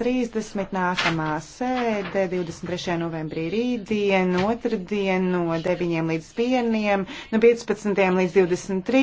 30. nākamā sēde 23. novembrī rītdien, otrdien no 9 līdz 1, no 15. līdz 23.